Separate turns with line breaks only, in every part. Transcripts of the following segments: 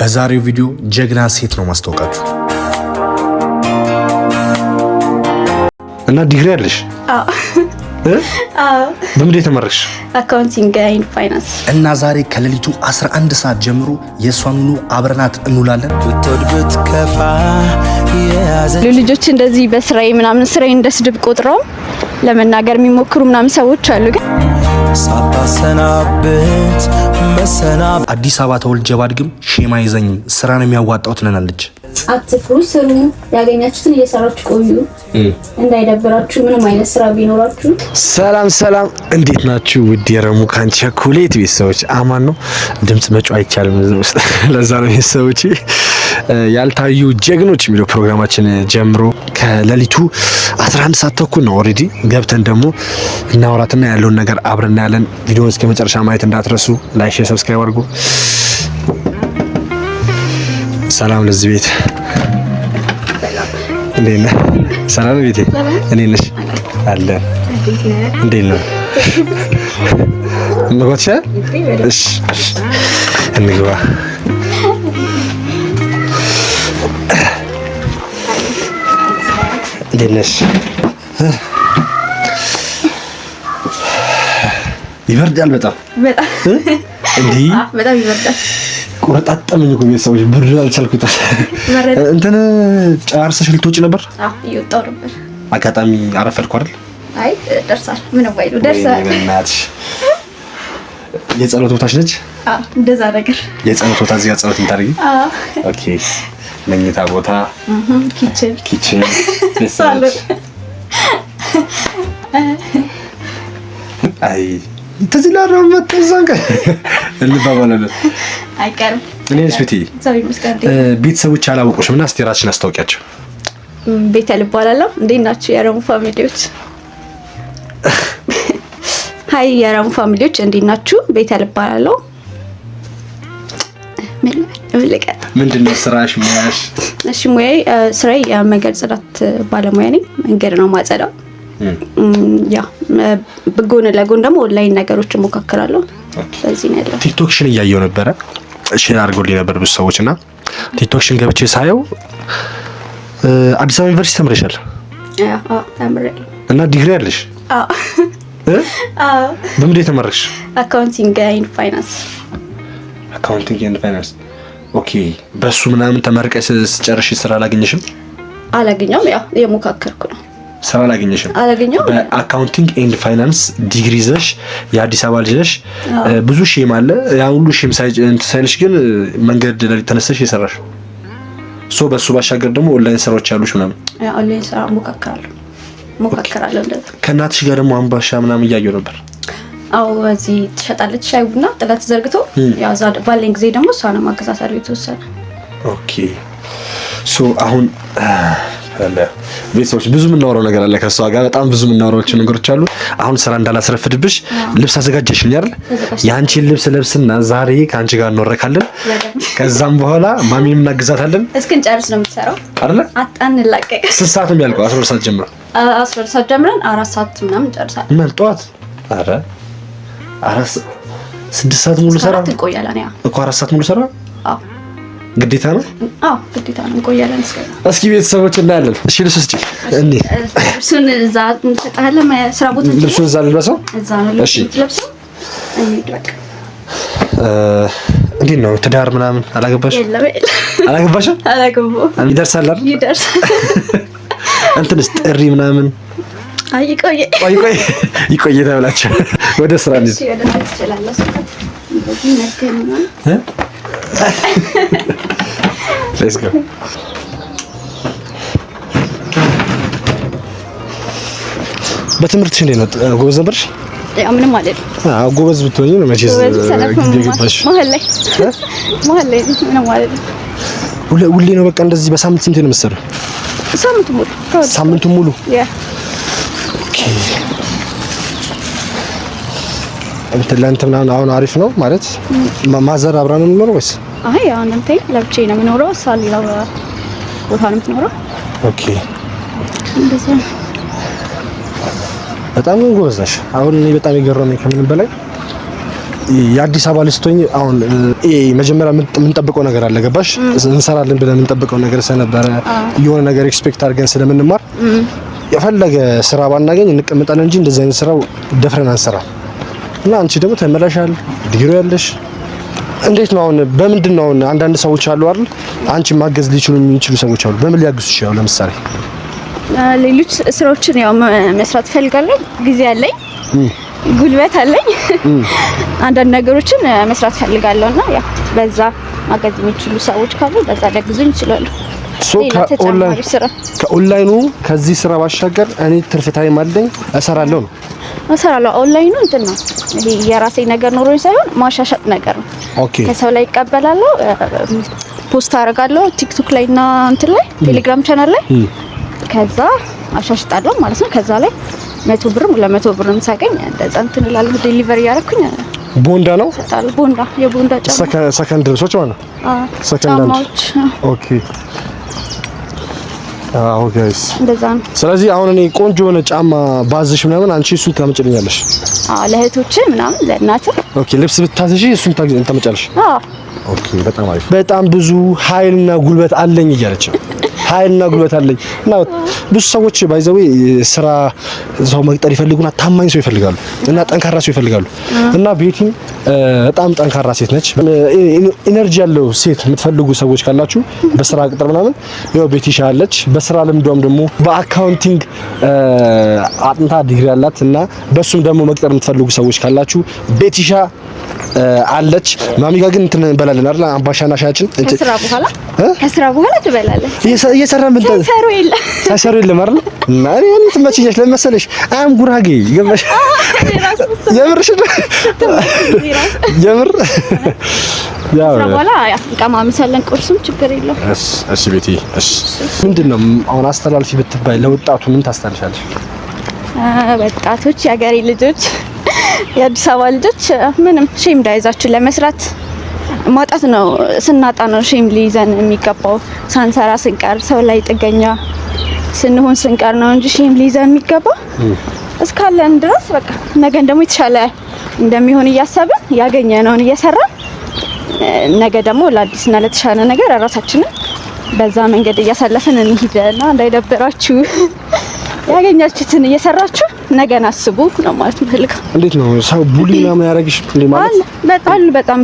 በዛሬው ቪዲዮ ጀግና ሴት ነው ማስታወቃችሁ እና ዲግሪ አለሽ? በምን የተመረሽ?
አካውንቲንግ ኤንድ ፋይናንስ።
እና ዛሬ ከሌሊቱ 11 ሰዓት ጀምሮ የእሷን ኑ አብረናት እንውላለን።
ልጆች እንደዚህ በስራዬ ምናምን ስራዬ እንደ ስድብ ቆጥረው ለመናገር የሚሞክሩ ምናምን ሰዎች አሉ ግን ሳታሰናብት
መሰና አዲስ አበባ ተወልጄ ባድግም ሼም አይዘኝም ስራ ነው የሚያዋጣው ትለናለች።
አትፍሩ፣ ስሩ፣ ያገኛችሁትን እየሰራችሁ ቆዩ፣ እንዳይደብራችሁ ምንም አይነት ስራ ቢኖራችሁ።
ሰላም ሰላም፣ እንዴት ናችሁ? ውድ የረሙ ካን ቸኮሌት ቤተሰቦች፣ አማን ነው። ድምጽ መጮ አይቻልም፣ ለዛ ነው ቤተሰቦቼ ያልታዩ ጀግኖች የሚለው ፕሮግራማችን ጀምሮ ከሌሊቱ 11 ሰዓት ተኩል ነው። ኦልሬዲ ገብተን ደግሞ እናወራትና ያለውን ነገር አብረን እናያለን። ቪዲዮውን እስከ መጨረሻ ማየት እንዳትረሱ። ላይክ፣ ሼር፣ ሰብስክራይብ አድርጉ። ሰላም ለዚህ ቤት እንዴት ነህ? ሰላም ቤቴ እንዴት ነሽ? አለ እንዴት ነው? እሺ እንግባ እንዴት ነሽ? ይበርዳል በጣም እንዲህ በጣም ይበርዳል። ቆረጣጠመኝ እኮ ቤተሰቦች፣ ብርድ አልቻልኩትም። እንትን ጨርሰሽ ልትወጪ ነበር?
እየወጣሁ ነበር።
አጋጣሚ አረፈድኩ አይደል?
አይ ደርሳል። ምንም አይደል ደርሳል።
የጸሎት ቦታሽ ነች?
አዎ እንደዛ ነገር።
የጸሎት ቦታ እዚህ ጋር ጸሎት
የምታደርጊው? መኝታ ቦታ፣ ኪችን ኪችን
አይ ተዚህ ላረው መተዛን ቀን እንባባላለን አይቀርም። እኔ ስዊቲ ቤተሰቦች አላወቁሽም እና እስቲ ራስሽን አስታውቂያቸው።
ቤተ ልብ እንዴት ናችሁ የረሙ ፋሚሊዎች? ሀይ የረሙ ፋሚሊዎች እንዴት ናችሁ? ቤተ ልብ
ምንድን ነው ስራሽ? ሙያሽ?
እሺ ሙያዬ ስራዬ የመንገድ ጽዳት ባለሙያ ነኝ። መንገድ ነው ማጸዳው። ያ በጎን ለጎን ደግሞ ኦንላይን ነገሮች እሞካከራለሁ። በዚህ ነው
ያለው። ቲክቶክሽን እያየው ነበረ፣ ሼር አድርጎልኝ ነበር ብዙ ሰዎች እና ቲክቶክሽን ገብቼ ሳየው አዲስ አበባ ዩኒቨርሲቲ ተምረሻል እና ዲግሪ አለሽ? በምንድን የተመረቅሽ?
አካውንቲንግ ኤንድ ፋይናንስ
አካውንቲንግ ኤንድ ፋይናንስ። ኦኬ በሱ ምናምን ተመርቀሽ ስጨርሽ ስራ አላገኘሽም?
አላገኘም። ያው የሞካከርኩ ነው።
ስራ አላገኘሽም? አላገኘም። በአካውንቲንግ ኤንድ ፋይናንስ ዲግሪ ይዘሽ የአዲስ አበባ ልጅ ነሽ። ብዙ ሼም አለ። ያ ሁሉ ሼም ሳይልሽ ግን መንገድ ላይ ተነስተሽ የሰራሽ ሶ በሱ ባሻገር ደግሞ ኦንላይን ስራዎች ያሉሽ ምናምን?
ኦንላይን ስራ ሞካከራለሁ ሞካከራለሁ። እንደዛ
ከእናትሽ ጋር ደግሞ አንባሻ ምናምን እያየሁ ነበር
አዎ እዚህ ትሸጣለች ሻይ ቡና ጥላት ዘርግቶ ያው እዛ ባለኝ ጊዜ ደግሞ እሷ ነው ማገዛሳሪ የተወሰነ
ኦኬ ሶ አሁን ቤተሰቦች ብዙ የምናወራው ነገር አለ ከሷ ጋር በጣም ብዙ የምናወራቸው ነገሮች አሉ። አሁን ስራ እንዳላስረፍድብሽ ልብስ አዘጋጀሽልኝ አይደል? የአንቺን ልብስ ለብስና ዛሬ ከአንቺ ጋር እንወረካለን። ከዛም በኋላ ማሚንም እናግዛታለን።
እስክንጨርስ ነው የምትሰራው አይደል? አንላቀቅ።
ስንት ሰዓት ነው የሚያልቀው? አስር ሰዓት
ጀምረን አራት ሰዓት ምናምን እንጨርሳለን።
ምን ጠዋት? አረ ስድስት ሰዓት ሙሉ ሰራ እንቆያለን። እኮ አራት ሰዓት ሙሉ ሰራ። አዎ ግዴታ ነው።
አዎ ግዴታ ነው። እንቆያለን።
እስኪ ቤተሰቦች እናያለን። እሺ ልብስ እስኪ እንዴ
ልብሱን እዛ እንሰጣለን። ስራ ቦታ
ልብሱን እዛ ልልበሰው። እዛ ነው ልብሱ። እንዴት ነው ትዳር ምናምን አላገባሽ? አላገባሽ አላገባሁም። ይደርሳል አይደል?
ይደርሳል።
እንትንስ ጥሪ ምናምን ይቆየ ተብላችሁ ወደ ስራ በትምህርት ሽን ነው ጎበዝ ነበርሽ?
ያው ምንም አይደለም።
አዎ ጎበዝ ብትሆኚ ነው መቼስ
ግቢ የገባሽ። መሀል ላይ መሀል ላይ ምንም አይደለም።
ሁሌ ነው በቃ እንደዚህ። በሳምንት ስንቴ ነው የምትሰሪው? ሳምንቱን ሙሉ ሳምንቱን ሙሉ እንትን ለእንት ምናምን አሁን አሪፍ ነው ማለት ማዘር አብራ ነው የምኖረው ወይስ?
አይ አሁን እንት ለብቼ ነው የምኖረው፣ እሷ ሌላ ቦታ ነው የምትኖረው።
ኦኬ በጣም ነው ጎበዝ ነሽ። አሁን እኔ በጣም የገረመኝ ከምንም በላይ የአዲስ አበባ ልስቶኝ አሁን መጀመሪያ የምንጠብቀው ነገር አለ ገባሽ? እንሰራለን ብለን የምንጠብቀው ነገር ስለነበረ የሆነ ነገር ኤክስፔክት አድርገን ስለምንማር የፈለገ ስራ ባናገኝ እንቀመጣለን እንጂ እንደዚህ አይነት ስራው ደፍረን አንሰራም። እና አንቺ ደግሞ ተመለሻል፣ ዲሮ ያለሽ እንዴት ነው አሁን? በምንድን ነው አሁን? አንዳንድ ሰዎች አሉ አይደል? አንቺ ማገዝ ሊችሉ የሚችሉ ሰዎች አሉ። በምን ሊያግዙ ይችላሉ? ለምሳሌ
ሌሎች ስራዎችን ያው መስራት ፈልጋለሁ ጊዜ አለኝ፣ ጉልበት አለኝ። አንዳንድ ነገሮችን መስራት እፈልጋለሁ እና ያው በዛ ማገዝ የሚችሉ ሰዎች ካሉ በዛ ሊያግዙኝ ይችላሉ።
ከኦንላይኑ ከዚህ ስራ ባሻገር እኔ ትርፍታይም አለኝ እሰራለሁ ነው
እሰራለሁ። ኦንላይኑ እንትን ነው ይሄ የራሴ ነገር ኖሮኝ ሳይሆን ማሻሻጥ ነገር ነው። ኦኬ ከሰው ላይ እቀበላለሁ፣ ፖስት አደርጋለሁ ቲክቶክ ላይ እና እንትን ላይ ቴሌግራም ቻናል ላይ ከዛ አሻሽጣለሁ ማለት ነው። ከዛ ላይ መቶ ብርም ለመቶ ብርም ሳገኝ እንደዛ እንትን እላለሁ። ዴሊቨሪ ያደረኩኝ ቦንዳ ነው ቦንዳ የቦንዳ
ጫማ ሰከንድ ልብሶች ማለት ነው። ሰከንድ ኦኬ አዎ ጋይስ፣ እንደዛ ነው። ስለዚህ አሁን እኔ ቆንጆ የሆነ ጫማ ባዝሽ ምናምን አንቺ እሱ ታመጭልኛለሽ።
አዎ ለእህቶች ምናምን ለእናት
ኦኬ፣ ልብስ ብታዝሽ እሱን ታመጫለሽ። አዎ ኦኬ፣ በጣም አሪፍ። በጣም ብዙ ኃይልና ጉልበት አለኝ እያለች ነው ኃይልና ጉልበት አለኝ እና ብዙ ሰዎች ባይዘው ስራ ሰው መቅጠር ይፈልጉና ታማኝ ሰው ይፈልጋሉ እና ጠንካራ ሰው ይፈልጋሉ እና ቤቲ በጣም ጠንካራ ሴት ነች። ኢነርጂ ያለው ሴት የምትፈልጉ ሰዎች ካላችሁ በስራ ቅጥር ምናምን ያው ቤቲ ይሻለች። በስራ ልምዷም ደግሞ በአካውንቲንግ አጥንታ ዲግሪ ያላት እና በሱም ደግሞ መቅጠር የምትፈልጉ ሰዎች ካላችሁ ቤቲሻ አለች ማሚ ጋር ግን እንትን እንበላለን አይደል? አምባሻና ሻያችን
ከስራ በኋላ ከስራ በኋላ ትበላለህ። እየሰራ ምን ሰሩ የለ
ሳይሰሩ የለም አይደል? ማሪ አንተ ትመችኛለሽ ለመሰለሽ አም ጉራጌ ገመሽ የምርሽ የምር
ያው በኋላ ቀማምሳለን። ቁርስም ችግር የለውም።
እሺ ቤቲ፣ እሺ ምንድነው አሁን አስተላልፊ ብትባይ ለወጣቱ ምን ታስተላልፊያለሽ?
ወጣቶች የሀገሬ ልጆች የአዲስ አበባ ልጆች ምንም ሼም ዳይዛችሁ ለመስራት ማውጣት ነው። ስናጣ ነው ሼም ሊይዘን የሚገባው። ሳንሰራ ስንቀር ሰው ላይ ጥገኛ ስንሆን ስንቀር ነው እንጂ ሼም ሊይዘን የሚገባው። እስካለን ድረስ በቃ ነገን ደግሞ የተሻለ እንደሚሆን እያሰብን ያገኘነውን እየሰራን ነገ ደግሞ ለአዲስና ለተሻለ ነገር እራሳችንን በዛ መንገድ እያሳለፍን እንሂድ እና እንዳይደብራችሁ። ያገኛችሁትን እየሰራችሁ ነገን አስቡ ነው ማለት የምፈልገው።
እንዴት ነው ሰው ቡሊ ምናምን ያደርግሽ እንዴ? ማለት
በጣም በጣም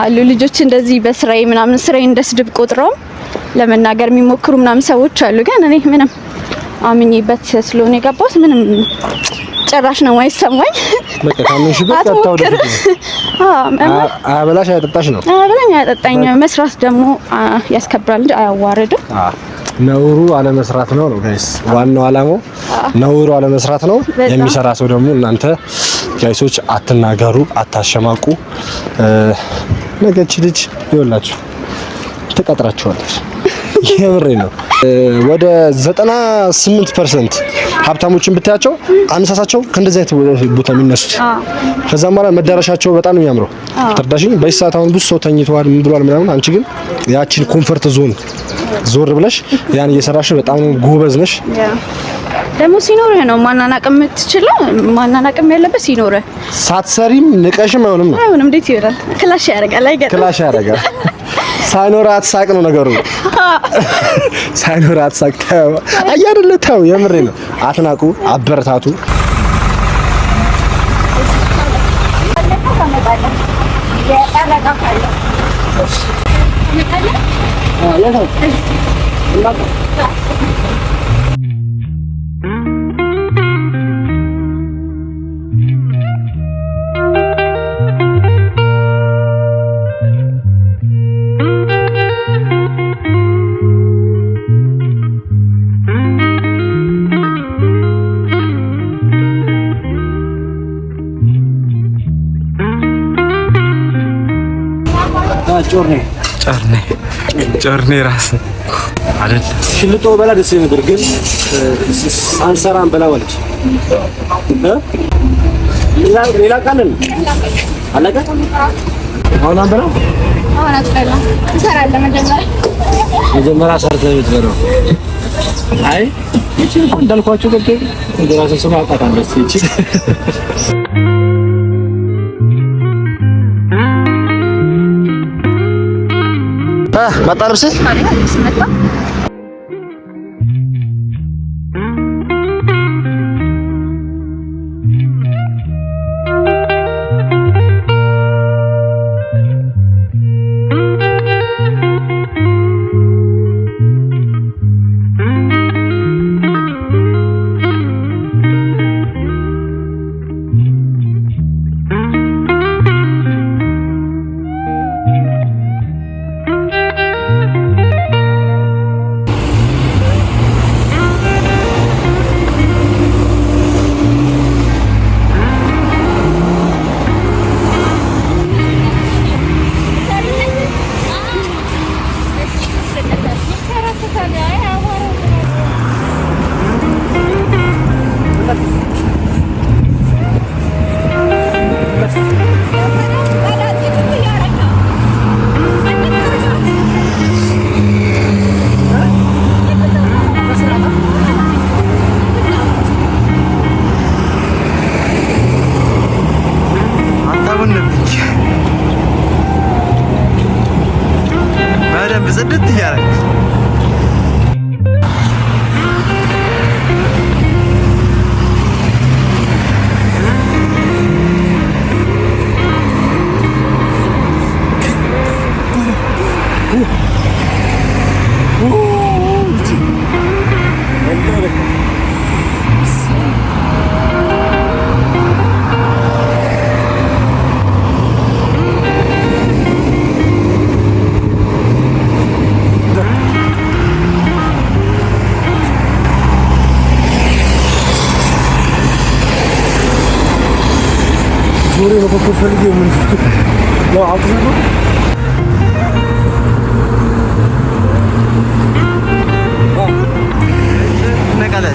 አሉ ልጆች እንደዚህ በስራዬ ምናምን ስራዬ እንደ ስድብ ቆጥረው ለመናገር የሚሞክሩ ምናምን ሰዎች አሉ። ግን እኔ ምንም አምኜበት ስለሆነ የገባሁት ምንም ጭራሽ ነው አይሰማኝ።
በቃ ታምንሽበት አታውደው። አያበላሽ አያጠጣሽ
ነው። አያበላኝ አያጠጣኝ። መስራት ደግሞ ያስከብራል እንጂ አያዋርድም።
ነውሩ አለመስራት ነው ነው ጋይስ፣ ዋናው አላማው ነውሩ አለመስራት ነው። የሚሰራ ሰው ደግሞ እናንተ ጋይሶች አትናገሩ፣ አታሸማቁ። ነገች ልጅ ይወላችሁ ትቀጥራችኋለች። የምሬ ነው። ወደ 98% ሀብታሞችን ብታያቸው አነሳሳቸው ከእንደዚህ አይነት ቦታ የሚነሱት ከዛ በኋላ መዳረሻቸው በጣም ነው የሚያምረው። ተርዳሽኝ በዚህ ሰዓት አሁን ብዙ ሰው ተኝተዋል፣ ምን ብሏል ምናምን። አንቺ ግን ያቺን ኮንፈርት ዞን ዞር ብለሽ ያን እየሰራሽ በጣም ጎበዝ ነሽ።
ደግሞ ሲኖርህ ነው ማናናቅ የምትችለው። ማናናቅም ያለበት ሲኖርህ፣
ሳትሰሪም ንቀሽም አይሆንም
ነው አይሆንም። እንዴት ይሆናል? ክላሽ ያደርጋል
አይገርም? ክላሽ ያደርጋል ሳይኖር አትሳቅ ነው ነገሩ። ሳይኖር አትሳቅ አያደለ ተው፣ የምሬ ነው። አትናቁ፣ አበረታቱ። ጮርኔ ጮርኔ ጮርኔ ራስ አይደል ሽልጦ በላ ደስ ነበር፣ ግን አንሰራም በላ ወለች ሌላ ሌላ ቃልን አለቀ። አሁን አንበላ
አሁን አትበላ እንሰራለን። መጀመሪያ
መጀመሪያ ሰርተህ ብትበላው አይ ይቺ እንዳልኳችሁ ገብቶ እንደራሱ ስም አውቃታለሁ። ይቺ መጣ ልብስ küfür ediyor bunu. Lan altına bak. Ne kadar?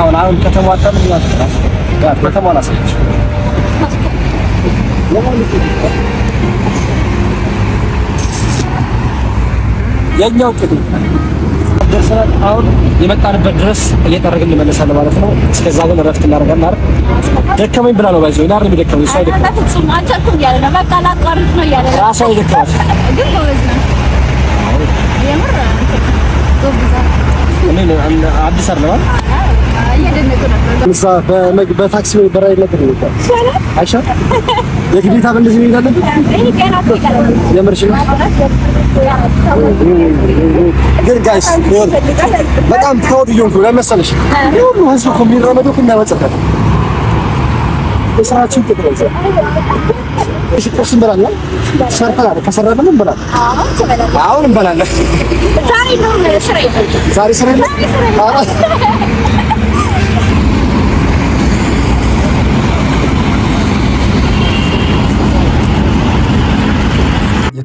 አሁን አሁን ከተማዋ የኛው ደርሰናል። አሁን የመጣንበት ድረስ እየጠረግን እንመለሳለን ማለት ነው። እስከዛ ግን እረፍት እናደርጋለን አይደል? ደከመኝ ብላ ነው ባይዘው ይናር የሚደከመኝ ሰው አይደለም። በቃ አዲስ አይደለም በታክሲ ወይ በራይ ነበር የሚባል አይሻ የግዴታ በእንደዚህ መሄድ አለብን። የምርሽ ግን ጋይስ በጣም ታውድ ይሁን ነው ለመሰለሽ ሁሉ ህዝብ እኮ የሚራመደው እኮ እንዳይወጣበት የስራችን ጥቅረዘ እሺ ቁርስ እንበላለን። ሰርተናል። ከሰራን እንበላለን። አሁን እንበላለን።
ዛሬ ነው ስራ
ይፈልጋል። ዛሬ ስራ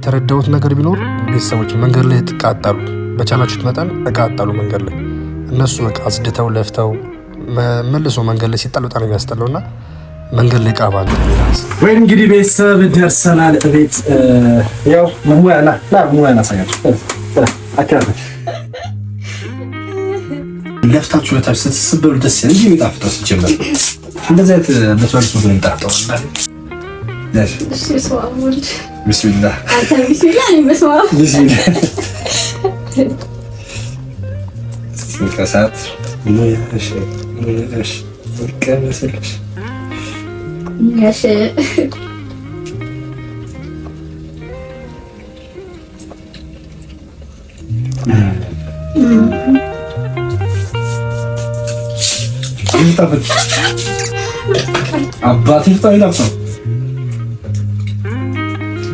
የተረዳሁት ነገር ቢኖር ቤተሰቦች መንገድ ላይ ትቃጠሉ፣ በቻላችሁት መጠን እቃጠሉ። መንገድ ላይ እነሱ በቃ አጽድተው ለፍተው መልሶ መንገድ ላይ ሲጣል በጣም የሚያስጠላው እና መንገድ ላይ ቃባ ወይ እንግዲህ ቤተሰብ ደርሰናል። ቤት ያው ለፍታችሁ በታች ስትስበሉ ደስ ይላል። የሚጣፍጠው ሲጀመር እንደዚህ አይነት ቢስሚላ ንቀሳት አባት ይፍጣ ይላፍታው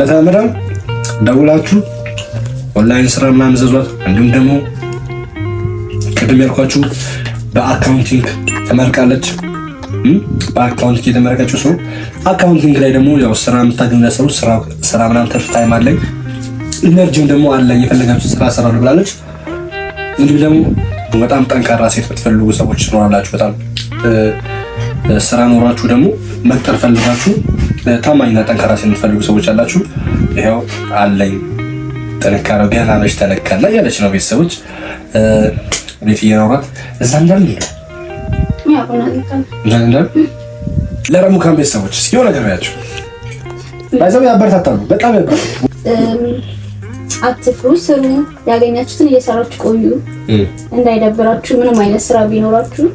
በተምረም ደውላችሁ ኦንላይን ስራ ምናምን ዘዟት። እንዲሁም ደግሞ ቅድም ያልኳችሁ በአካውንቲንግ ተመርቃለች። በአካውንቲንግ የተመረቀችው ሰው አካውንቲንግ ላይ ደግሞ ያው ስራ የምታገኝ ሰው ስራ ምናምን ተርፍ ታይም አለኝ ኢነርጂም ደግሞ አለ የፈለጋችሁ ስራ እሰራለሁ ብላለች። እንዲሁም ደግሞ በጣም ጠንካራ ሴት የምትፈልጉ ሰዎች ትኖራላችሁ በጣም ስራ ኖሯችሁ ደግሞ መቅጠር ፈልጋችሁ ታማኝና ጠንካራ የምትፈልጉ ሰዎች አላችሁ። ይኸው አለኝ ጥንካሬው ገና መች ተነካና እያለች ነው። ቤተሰቦች ቤት እየኖራት እዛ እንዳል እንዳል ለረሙካን ቤተሰቦች የሆነ ነገር ያቸው ባይዘው ያበረታታሉ። በጣም ያበረታታሉ።
አትፍሩ፣ ስሩ። ያገኛችሁትን እየሰራችሁ ቆዩ። እንዳይደብራችሁ ምንም አይነት ስራ ቢኖራችሁ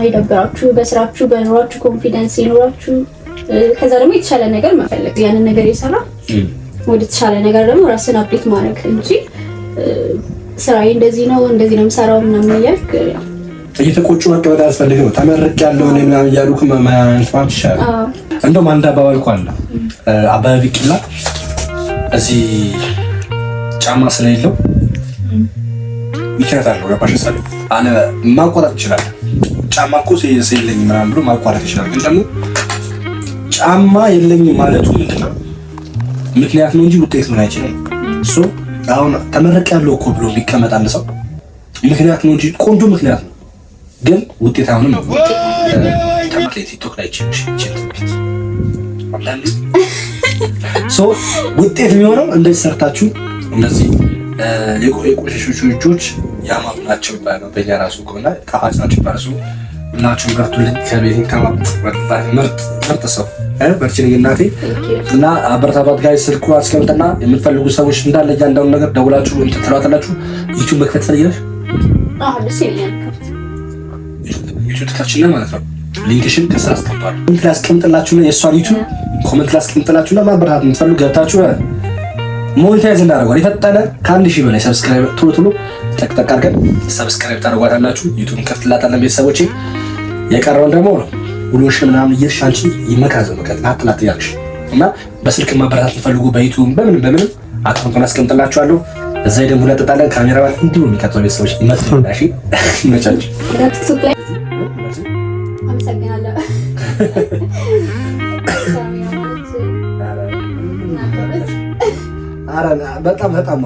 አይደብራችሁ፣ በስራችሁ በኑሯችሁ ኮንፊደንስ ይኖራችሁ። ከዛ ደግሞ የተሻለ ነገር መፈለግ ያንን ነገር የሰራ ወደ ተሻለ ነገር ደግሞ ራስን አፕዴት ማድረግ እንጂ ስራዬ እንደዚህ ነው እንደዚህ ነው የምሰራው ምናምን እያልክ
እየተቆጩ መቀመጥ አያስፈልግም። ተመርቅ ያለውን ምናምን እያሉ ማንስማት ይሻላል። እንደውም አንድ አባባል እኮ አለ አበበ ቢቂላ እዚህ ጫማ ስለሌለው ምክንያት አለው። ገባሽ? ሳለ አለ ማቋረጥ ይችላል ጫማ እኮ ሴንስ የለኝም ምናምን ብሎ ማቋረጥ ይችላል። ግን ደግሞ ጫማ የለኝም ማለቱ ምንድን ነው ምክንያት ነው እንጂ ውጤት ምን አይችልም። እሱ አሁን ተመረቅ ያለው እኮ ብሎ የሚቀመጥ አንድ ሰው ምክንያት ነው እንጂ ቆንጆ ምክንያት ነው፣ ግን ውጤት አሁንም ቲክቶክ ላይ ውጤት የሚሆነው እንደዚህ ሰርታችሁ እንደዚህ የቆሸሹ ልጆች ያማም ናቸው ይባላል። በእኛ ራሱ ከሆነ ጣፋጭ ናቸው ይባላል። ሁላችሁም በርቱልኝ። ከቤት ከማምጥ ምርጥ ሰው በርችን እናቴ እና አበረታቷት ጋር ስልኩ አስቀምጥና የምትፈልጉ ሰዎች እንዳለ እያንዳንዱ ነገር ደውላችሁ እንትን ትሏታላችሁ። ዩቱብ መክፈት ፈልጊለሽ ዩቱብ ትከፍችና ማለት ነው ሊንክሽን ከስራ አስቀምጧል። ላስቀምጥላችሁና የእሷን ዩቱብ ኮመንት ላስቀምጥላችሁ ለማበረታት የምትፈልጉ ገብታችሁ ሞኒታይዝ እንዳደረጓል የፈጠነ ከአንድ ሺህ በላይ ሰብስክራይብ ቶሎ ቶሎ ጠቅጠቅ አድርገን ሰብስክራይብ ታደርጓታላችሁ። ዩቱብን ከፍትላታለን ቤተሰቦቼ። የቀረውን ደግሞ ነው ውሎሽን ምናምን እየሄድሽ አንቺ ይመካዝ መካዝ አትላት ያልሽ እና በስልክ ማበረታት ልፈልጉ በዩቱብ በምን በምን አካውንቱን አስቀምጥላችኋለሁ። እዛ ደግሞ እናጠጣለን። ካሜራማን እንዲሁ የሚቀጥለው ቤተሰቦች ይመጥናሽ ይመቻችሁ። በጣም በጣም